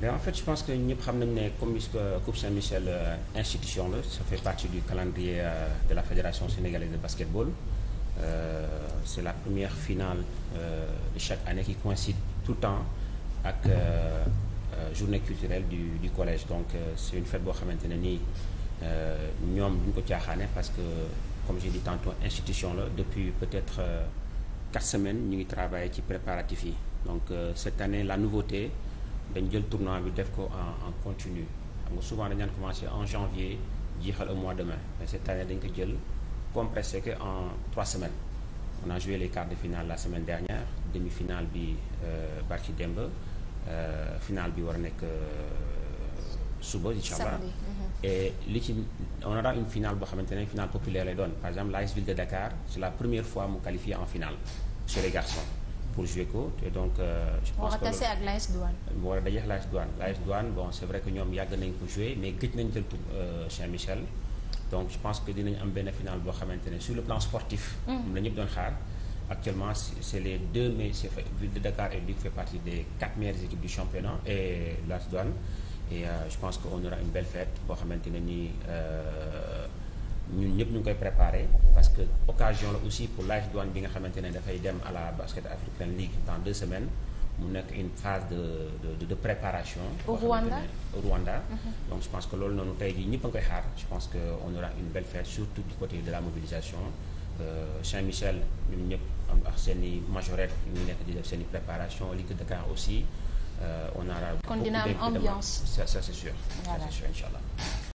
mais en fait je pense que ñëpp xam nañ ne comme euh, Coupe Saint-Michel euh, institution la ça fait partie du calendrier euh, de la fédération sénégalaise de basketball euh, c'est la première finale euh, de chaque année qui coïncide tout le temps ak journée culturelle du du collège donc c'est une fête boo xamante ne nii ñoom duñ ko caaxaane parce que comme j'ai dit tantôt institution la depuis peut-être quatre semaines ñu ngi travailler ci préparatifs yi donc cette année la nouveauté dañ jël tournoi bi def ko en en continu xam nga souvent dañ daan commencé en janvier jeexal au mois de mai mais cette année dañ ko jël compressé que en trois semaines on naa joué les quarts de finale la semaine dernière demi-finale bi euh, barki démb euh, finale bi war a nekk euh, suba incha allah mhm. et li ci on aura une finale boo xamante ne finale populaire lay doon par exemple l'AS Ville de Dakar c'est la première fois mu qualifié en finale chez les pour jouer ko te donc. Euh, je pense que war a Douane. war a Douane bon c' vrai que ñoom yàgg nañ ko jouer mais gëj nañ jël tur euh, Saint-Michel donc je pense que dinañ am benn finale boo xamante ne sur le plan sportif. Mm. moom la ñëpp doon xaar. actuellement c'est les deux mais c'est Ville de Dakar et Luc fait partie des quatre meilleures équipes du championnat et l'AS Douane euh, je pense que aura une belle boo xamante ne nii. ñun ñëpp ñu ngi koy préparer parce que occasion la aussi pour l'AS Douanes bi nga xamante ne dafay dem à la Basket African League dans deux semaines mu nekk une phase de de préparation. au Rwanda mm-hmm. donc je pense que loolu noonu tey jii ñëpp a ngi koy xaar je pense que on aura une belle fête surtout du côté de la mobilisation euh, Saint-Michel ñun ñëpp am ak seen i majorette ñu nekk di def seen i préparation Ligue de Dakar aussi euh, on aura. kon dina am ambiance ça ça allah.